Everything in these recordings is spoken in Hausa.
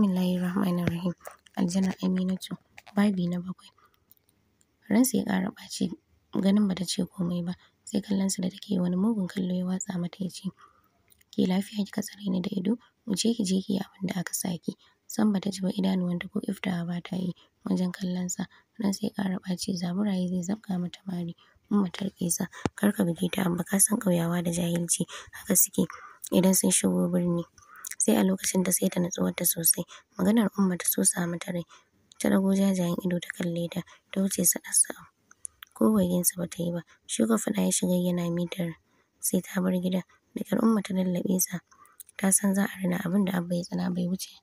rahim Aljannar Aminatu. Babi na bakwai. Ransa ya kara ɓaci ganin ba ta ce komai ba sai kallon sa da take wani mugun kallo ya watsa mata ya ci ke lafiya kika tsare ni da ido je ki je ki abin da aka saki san ba ta ji ba ta ko iftawa ba ta yi wajen sa ransa ya kara baci zaburaye zai zabka mata mari umma ta riƙe kar ka bugi ta amma ka san ƙauyawa da jahilci haka suke idan sun shigo birni. sai a lokacin da sai ta saita ta sosai. Maganar Umma ta sosa mata rai. Ta ɗago jajayen ido ta kalle ta, ta wuce sa ɗas Ko waigensa ba ta yi ba, shuka fada faɗa ya shiga yana mitar sai ta bar gida. Da ƙyar Umma ta lallaɓe sa, ta san za a rina abin da Abba ya tsana bai wuce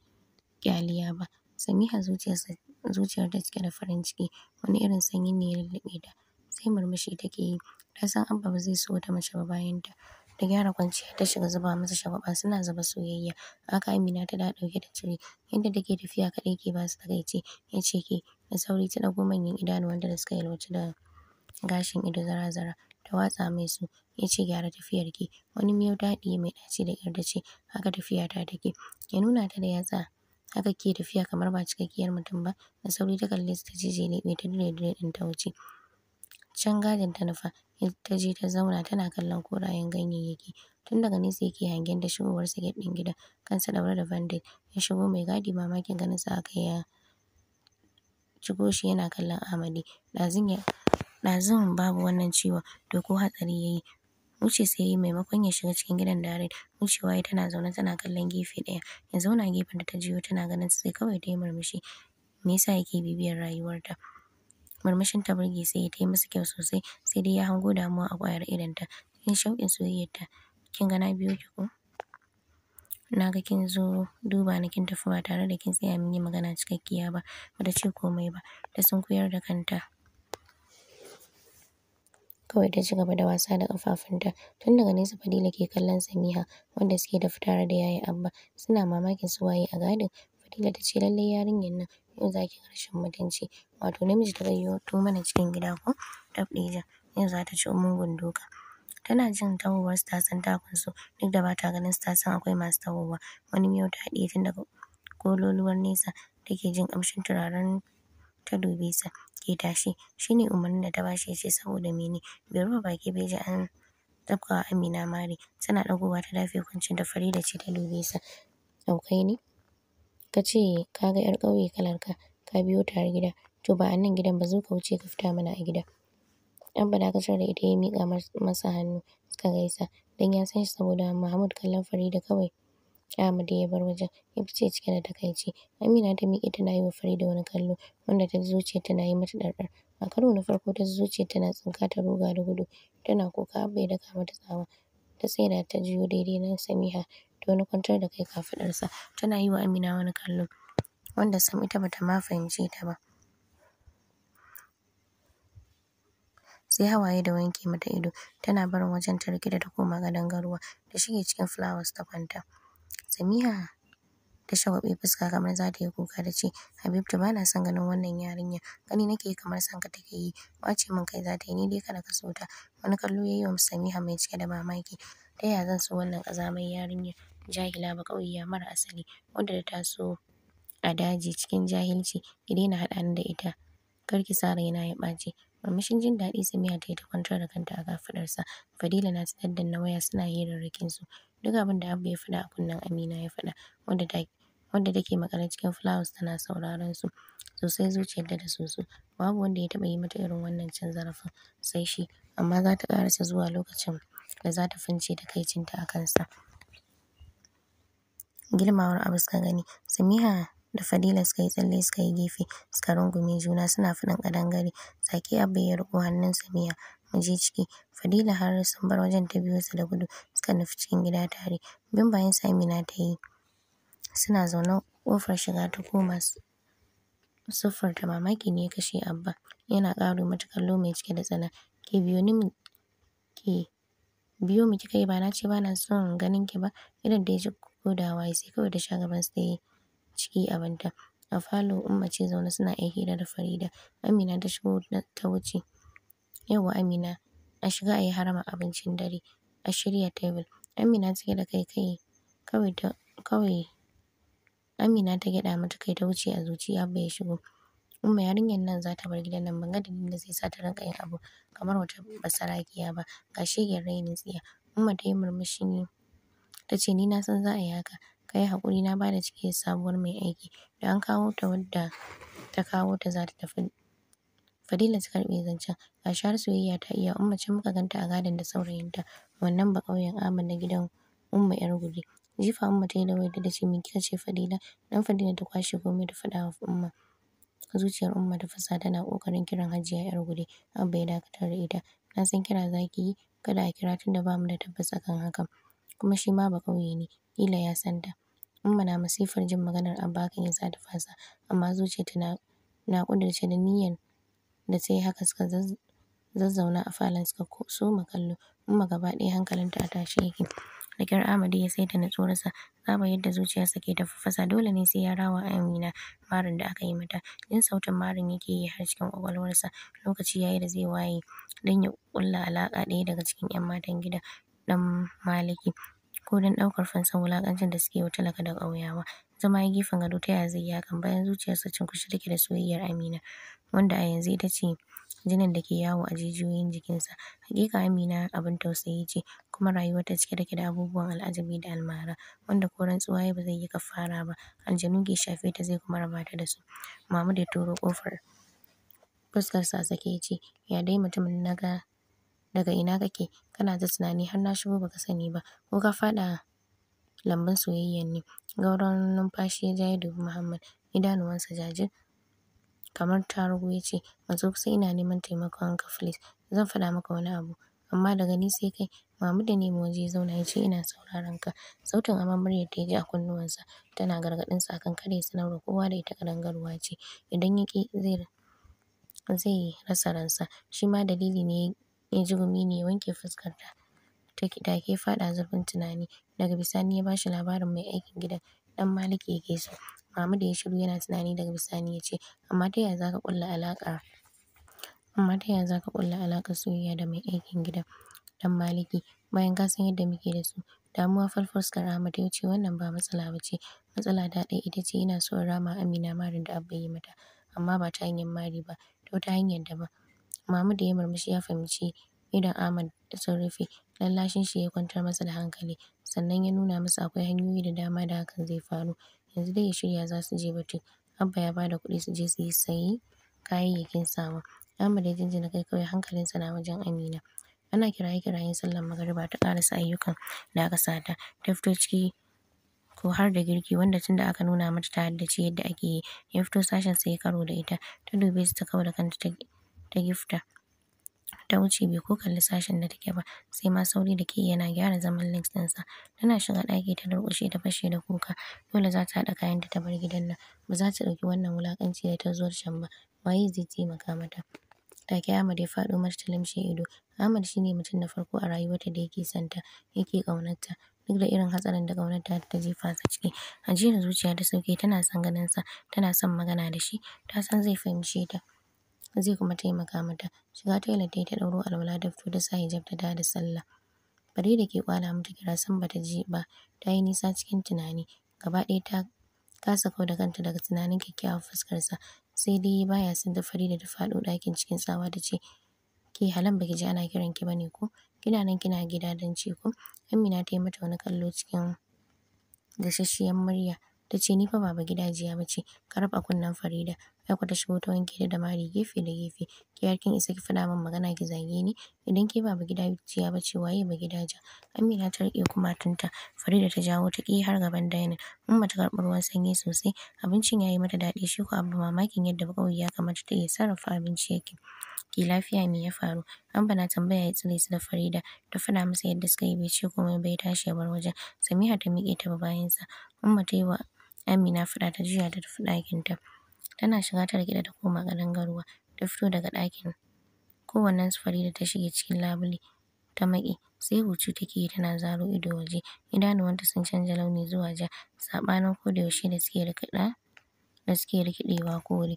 kyaliya ba. Samiha zuciyarsa zuciyarta cike da farin ciki, wani irin sanyi ne ya lulluɓe ta, sai murmushi take yi. Ta san Abba ba zai so wata mace ba bayan ta. Da gyara kwanciya ta shiga zuba masa shagwaɓa suna zuba soyayya. Haka Amina ta da ɗauke da cire. Yadda take tafiya kaɗai ke ba su takaici. Ya ce ke da sauri ta ɗago manyan idanuwanta da suka yalwaci da gashin ido zara-zara. Ta watsa mai su. Ya ce gyara tafiyar ke. Wani miyau ta mai ɗaci da ƙyar da ce haka tafiyata take. Ya nuna ta da yatsa. Haka ke tafiya kamar ba cikakkiyar mutum ba. Da sauri ta kalle su ta ne mai ta dire-dire din ta wuce. Can gadin ta nufa ta je ta zauna tana kallon korayen ganyayyaki. Tun daga nesa yake hangen da shigowarsa gate ɗin gidan, kansa ɗaure da bandit Ya shigo mai gadi mamakin ganin ganinsa aka ya shigo shi yana kallon Amadi. Ɗazun ya babu wannan ciwon, to ko hatsari ya yi. Wuce sai ya yi maimakon ya shiga cikin gidan dare Wucewa ya tana zaune tana kallon gefe ɗaya. Ya zauna gefen da ta jiyo tana ganin sai kawai ta yi murmushi. Me yasa yake bibiyar rayuwarta? Murmushin ta burge sai ya yi masa kyau sosai sai dai ya hango damuwa a ƙwayar ta Cikin shauƙin soyayyarta, kin ga na biyo ki ko? Na ga kin zo duba ni kin tafi ba tare da kin tsaya mun yi magana cikakkiya ba. Ba ta ce komai ba, ta sun sunkuyar da kanta. Kawai ta ci gaba da wasa da ƙafafunta. Tun daga nesa Fadila ke kallon Samiha wanda suke da fitar da yayi Abba. Suna mamakin su waye a gadin. Fadila ta ce lallai yarinyar nan yau za ki rashin mutunci wato namiji ta gayyato mana cikin gida ko tabɗija yau za ta ci mugun duka. Tana jin tahowarsu ta san takunsu duk da ba ta ganin su ta san akwai masu tahowa wani miyau ta haɗiye tun daga kololuwar nesa take jin ƙamshin turaren ta dube sa ke tashi shi ne umarnin da ta bashi ya ce saboda mene bai rufe baki bai ji an tafka Amina mari tana ɗagowa ta dafe kwancin da da ce ta dube sa ne. ka ce ka ga 'yar ƙauye kalar ka, ka biyo ta gida, to ba a nan gidan ba zo ka wuce ka fita mana a gida. bada dakatar da ita ya miƙa masa hannu suka gaisa Dan ya san shi saboda Mahmud kallon Farida kawai Ahmad ya bar wajen ya fice cike da takaici. Amina ta miƙe tana yi wa Farida wani kallo wanda ta ji tana na yi mata ɗarɗar. A karo na farko ta ji tana tsinka ta ruga da gudu tana kuka bai daka mata tsawa. Ta tsaya ta jiyo daidai na Samiha to wani kwantar da kai kafaɗarsa. Tana yi wa Amina wani kallo wanda sam ita bata ma fahimce ta ba. Sai hawaye da wanke mata ido tana barin wajen ta da ta koma gadon garuwa da shige cikin flowers ta kwanta. Samiha ta shagwabe fuska kamar za ta yi kuka da ce Habibtu ba na son ganin wannan yarinya. gani nake kamar son ka take yi wace min kai za ta yi ni dai kada ka so ta wani kallo ya yi wa Samiha mai cike da mamaki ta yaya zan so wannan ƙazamar yarinyar jahila ba ƙauyiya mara asali wadda ta taso a daji cikin jahilci ki daina haɗa ni da ita kar ki sa raina ya ɓace murmushin jin daɗi Samiya ta yi ta kwantar da kanta a gafaɗarsa Fadila na ta na waya suna hirarrakin su duk abin da abu ya faɗa a kunnen Amina ya faɗa wanda ta wanda take makarar cikin flowers tana sauraron su sosai zuciyar da da soso babu wanda ya taɓa yi mata irin wannan cin zarafin sai shi amma za ta ƙarasa zuwa lokacin da za ta fince takaicinta a kansa girmawar abu suka gani Samiha da Fadila suka yi tsalle suka yi gefe suka rungume juna suna faɗin ƙadangare zaki Abba ya riko hannun Samiha muje ciki Fadila har sun bar wajen ta biyo su da gudu suka nufi cikin gida tare bin bayan sami Amina ta yi suna zaune kofar shiga ta koma siffar ta mamaki ne ya kashe Abba yana karo mata kallo mai cike da tsana ke biyo ni ke biyo mu kika yi ba na ce ba na son ganin ki ba irin da ya ji ko da sai kawai da sha gabansu ta yi ciki a abinta. A falo Umma ce zaune suna iya hira da Farida. Amina ta shigo ta wuce. yawa Amina a shiga a yi harama abincin dare, a shirya tebur. Amina ta da kai kai kawai ta kawai Amina ta gyaɗa mata kai ta wuce a zuciya. Abba ya shigo. Umma yarinyar nan za ta bar gidan nan ban ga dalilin da zai sa ta rinka yin abu kamar wata basarakiya ba, ga shegen rainin tsiya. Umma ta yi murmushi Ta ce ni na san za a yi haka. Ka yi haƙuri na bada ciki da sabuwar mai aiki. Da an kawo ta wadda ta kawo ta za ta tafi. Fadila ta karɓe zancen. Ga shahar soyayya ta iya Umma ce muka ganta a gadon da saurayinta. Wannan kauyen Ahmad na gidan Umma 'yar gudi. Jifa Umma ta yi da wayarta ta ce min kika ce Fadila? Nan Fadila ta kwashe komai da faɗa wa Umma. Zuciyar Umma ta fasa tana kokarin kiran Hajiya 'yar gudi. Abba ya dakatar da ita. Na san kira zaki yi. Kada a kira tunda da bamu da tabbas akan hakan. kuma shi ma Baƙauye ne, ƙila ya san ta. Umma na masifar jin maganar Abba kan ya sa ta fasa, amma zuciya na na ƙudurce da niyyar da sai haka suka zazzauna a falon suka soma kallo. Umma gaba ɗaya hankalinta a tashe yake. Da Amadu ya saita natsuwarsa, saba yadda zuciyarsa ke fasa dole ne sai ya rawa Amina marin da aka yi mata. Jin sautin marin yake yi har cikin kwakwalwarsa lokaci yayi da zai waye don ya ƙulla alaka ɗaya daga cikin ‘yan matan gida. ɗan maliki ko don ɗaukar fansan wulaƙancin da suke wa talaka da ƙauyawa. Zama ya gefen gado ta yaya ya kan hakan bayan zuciyarsa kushi take da soyayyar Amina wanda a yanzu ita ce jinin da ke yawo a jijiyoyin jikinsa. Hakika Amina abin tausayi ce kuma rayuwarta cike take da abubuwan al'ajabi da almara wanda ko rantsuwa yayi ba zai yi kafara ba. Aljanu ke shafe ta zai kuma raba ta da su. Mahmud ya turo kofar fuskar a sake ya ce, ya dai mutumin naga. daga ina kake, kana ta tunani har na shigo baka sani ba, ko ka fada lambun soyayyan ne. Gauron numfashi ya ja ya dubi Muhammad, idanuwansa jajir kamar tarugu ya ce, matso kusa ina neman taimakon please, zan faɗa maka wani abu. Amma daga ni sai kai, mamu ne nemo waje ya zauna ya ce ina sauraron ka. Sautin amon da ya ji a kunnuwansa tana gargaɗinsa akan kada ya sanar da kowa da ita ƙadangaruwa ce, idan ya ƙi zai zai rasa ransa, shi ma dalili ne ya ji gumi ne ya wanke fuskarta ta ke faɗa zurfin tunani. Daga bisani ya ba shi labarin mai aikin gidan ɗan Maliki yake so. da ya shiru yana tunani daga bisani ya ce amma ta yaya za ka ƙulla amma ta yaya zaka kulla alaka soyayya da mai aikin gidan dan Maliki bayan ka san yadda muke da su. Damuwa fal fuskar Ahmad ya ce wannan ba matsala ba ce matsala ta ɗaya ita ce yana so rama Amina marin da Abba yi mata amma ba ta hanyar mari ba ta wata hanyar daban. Mahmud ya murmushi ya fahimci idon Ahmad sun rufe. Lallashin shi ya kwantar masa da hankali, sannan ya nuna masa akwai hanyoyi da dama da hakan zai faru. Yanzu dai ya shirya za su je batun Abba ya bada kuɗi su je su yi sayi kayayyakin sawa. Ahmad ya jinjina kai kawai hankalinsa na wajen Amina. Ana kiraye-kirayen sallar magariba ta karasa ayyukan da aka sata. ta. fito ciki ko har da girki wanda tun da aka nuna mata ta haddace yadda ake yi. Ya fito sashen ya karo da ita, ta dube su ta kawo da kanta ta ta gifta ta wuce bai ko kalli sashen da take ba sai ma sauri da ke yana gyara zaman links ɗinsa tana shiga ɗaki ta durƙushe ta fashe da kuka dole za ta haɗa kayanta ta bar gidan nan ba za ta ɗauki wannan wulaƙanci da ta zo can ba waye zai taimaka mata take Ahmad ya faɗo mata ta limshe ido Ahmad shine mutum na farko a rayuwarta da yake son ta, yake ƙaunarta duk da irin hatsarin da ƙaunarta ta jefa fasa ciki a ajiyar zuciya ta sauke tana son ganin sa tana son magana da shi ta san zai fahimce ta zai kuma taimaka mata. Shiga toilet ta yi ta ɗauro alwala dafto fito ta sa hijab ta dawo da sallah. da ke kwana mata kira san ba ta ji ba, ta yi nisa cikin tunani, gaba ɗaya ta kasa kau da kanta daga tunanin kyakkyawar fuskarsa, sai dai ba ya fari da ta faɗo ɗakin cikin tsawa da ce, Ke Halan ba ki ji ana kiran ki ba ne ko? Kina nan kina gida don ce ko? Amina ta yi mata wani kallo cikin gashashshiyar murya. Ta ce ni fa Baba gidajiya ba ce, ka kunnen Farida. Ai ku ta shigo ta wanke da mari gefe da gefe. Ki yar kin isa ki fada min magana ki zage ni? Idan ke Baba gidajiya ba ce waye ba gidaja? Amina ta riƙe kumatunta, Farida ta jawo ta ƙi har gaban dainin. Umma ta karbi ruwan sanyi sosai, abincin ya yi mata daɗi shi ko abu mamakin yadda ya kamata ta iya sarrafa abinci yake. Ki lafiya me ya faru? an bana tambaya ya tsire su da Farida, ta faɗa masa yadda suka yi bai ce komai bai tashi ya bar wajen. Samiha ta miƙe ta bayan bayansa. Umma ta yi wa Amina faɗa ta juya ta tafi ɗakinta. Tana shiga ta rikiɗa ta koma ruwa. ta fito daga ɗakin. sufari Farida ta shige cikin labule ta maƙe, sai huci take yi tana zaro ido waje, idanuwanta sun canza launi zuwa ja, saɓanin kodayaushe da suke rikiɗa da suke rikiɗewa kore.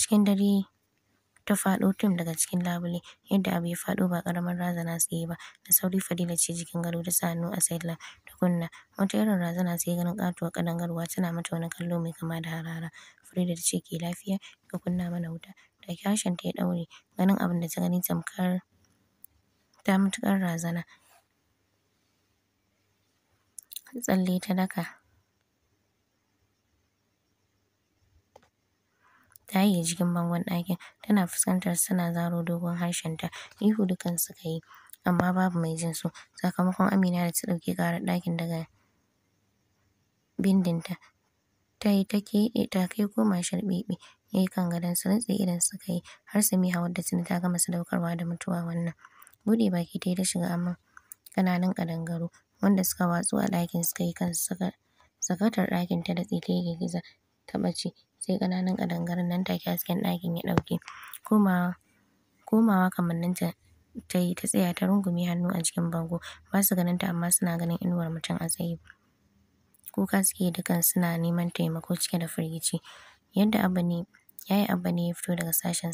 Cikin dare ta faɗo tim daga cikin labule. Yadda abu ya faɗo ba ƙaramar razana su ba. Da sauri Fadila ce jikin gado da sa a side da ta kunna. Wata irin razana sai ganin ƙatuwar garuwa tana mata wani kallo mai kama da harara. Farida ta ce ke lafiya? Ka kunna mana wuta. Da harshen ta ya ɗaure. Ganin abin da ta gani tamkar ta matuƙar razana. Tsalle ta daka. Ta yi jikin bangon ɗakin, tana fuskantar su zaro dogon harshenta. Ihu dukan suka yi, amma babu mai jin su. Sakamakon Amina da ta ɗauki ƙarar ɗakin daga bindinta, ta yi ta kai koma sharɓeɓe. Ya yi kan gadon su rintse idan suka yi, har Samiha wadda tuni ta gama sadaukarwa da mutuwa wannan. Buɗe baki ta yi ta shiga amma ƙananan ƙadangaru, wanda suka watsu a ɗakin suka yi kan Sakatar ɗakin ta datse ta yi girgiza, ta ɓace. sai ƙananan ƙadangaren nan take hasken ɗakin ya ɗauke. Komawa komawa kamanninta ta yi ta tsaya ta rungume hannu a cikin bango ba su ganin ta, amma suna ganin inuwar mutum a tsaye. Kuka suke dukan suna neman taimako cike da firgici. Yadda Abba ne yayi Abba ne ya fito daga sashen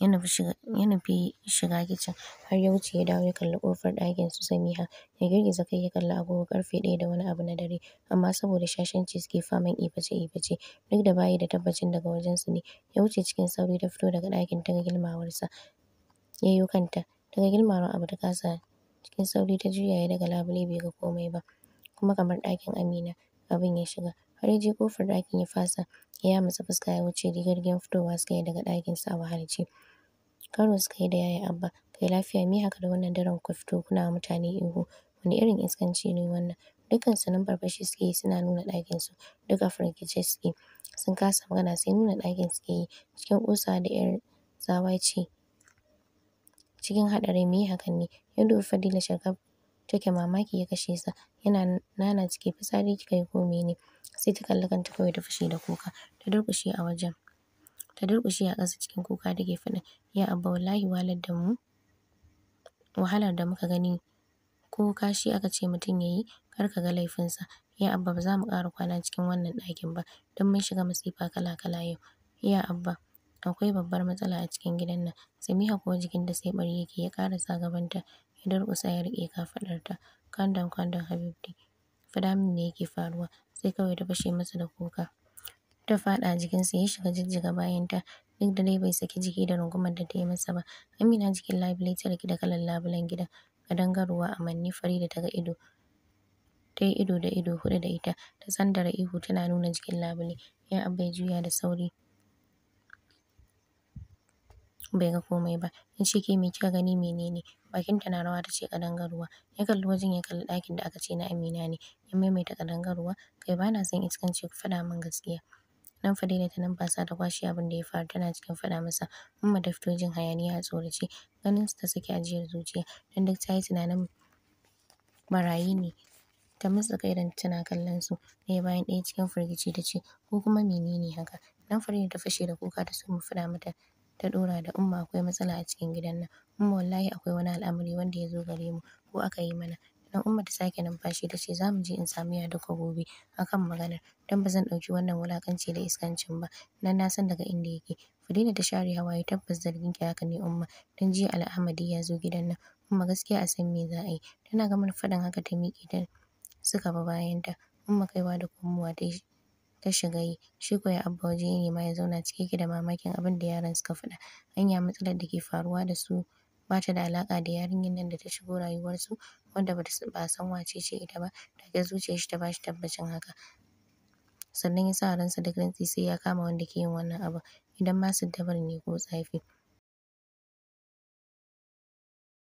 ya nufi shiga ya nufi shiga kicin har ya wuce ya dawo ya kalli kofar ɗakin su Samiha. Ya girgiza kai ya kalli agogo karfe ɗaya da wani abu na dare amma saboda shashanci suke faman ibace-ibace duk da bayi da tabbacin daga wajen su ne. Ya wuce cikin sauri ta fito daga ɗakin ta ga ya yayyo kanta. daga ga abu ta kasa cikin sauri ta juya ya daga labule bai ga komai ba kuma kamar ɗakin Amina abin ya shiga. har ya je ƙofar ɗakin ya fasa ya matsa fuska ya wuce rigargen fitowa suka yi daga ɗakin sa a wahalce karo suka yi da yaya abba kai lafiya me haka da wannan daren ku fito kuna mutane ihu wani irin iskanci ne wannan dukkan su nan barbashi suke yi suna nuna ɗakin su duk a suke sun kasa magana sai nuna ɗakin suke yi cikin ƙusa da 'yar tsawa ce cikin haɗari me hakan ne ya Fadila shaka take mamaki ya kashe sa. Yana nana ciki fitsari kika yi ko mene? Sai ta kalli kanta kawai ta fashe da kuka. Ta durƙushe a wajen. Ta durƙushe a ƙasa cikin kuka take faɗin ya Abba wallahi wahalar da mu wahalar da muka gani ko kashi aka ce mutum ya yi kar ka ga laifinsa. Ya Abba ba za mu ƙara kwana cikin wannan ɗakin ba don mun shiga masifa kala kala yau. Ya Abba akwai babbar matsala a cikin gidan nan. Samiha jikin da sai ɓari yake ya ƙarasa gabanta Ya durƙusa ya riƙe kafaɗarta. kandan ta kwandon kwandon, Habibti. Faɗa min me yake faruwa. Sai kawai ta fashe masa da kuka. Ta faɗa a jikinsa ya shiga jijjiga bayanta. Duk da dai bai saki jiki da rungumar da ta yi masa ba. Amina jikin labule ta riƙe da kalar labulen gidan. manni amanni da ta ga ido. Ta yi ido da ido huɗu da ita. Ta sandara ihu tana nuna jikin labule. abu ya juya da sauri. bai ga komai ba. Ya ce "ke mai kika gani menene bakin ta na rawa ta ce kadangaruwa Ya kalli wajen ya kalli ɗakin da aka ce na Amina ne. Ya maimaita kadangaruwa Kai bana na son iskanci ku faɗa min gaskiya. Nan fa nan ta sa da kwashe abin da ya faru tana cikin faɗa masa. Umma ta fito jin hayaniya a tsorace. su ta saki ajiyar zuciya don duk ta yi tunanin marayi ne. Ta kai idonta tana kallon su ɗaya bayan ɗaya cikin firgici ta ce ko kuma menene haka?" Nan fa da ta fashe da kuka ta mu faɗa mata. ta ɗora da Umma akwai matsala a cikin gidan nan. Umma wallahi akwai wani al'amari wanda ya zo gare mu ko aka yi mana. dan Umma ta sake numfashi ta ce za mu je in samu ko gobe a kan maganar don ba zan ɗauki wannan wulaƙanci da iskancin ba. Nan na san daga inda yake. Fadila ta share hawaye tabbas zarginki haka ne Umma dan jiya Al'amadi ya zo gidan nan. Umma gaskiya a san me za a yi. Tana gama faɗin haka ta miƙe ta suka bayan bayanta. Umma kaiwa da komowa ta yi ta shiga yi. Shi ya Abba waje ya ma ya zauna cike yake da mamakin abin da yaran suka faɗa. hanya matsalar da ke faruwa da su ba da alaƙa da yarinyar nan da ta shigo rayuwarsu wanda ba a san wace ce ita ba. Take shi ta bashi tabbacin haka. Sannan ya sa ransa da rantsi sai ya kama wanda ke yin wannan abin. Idan ma dabar ne ko tsafi.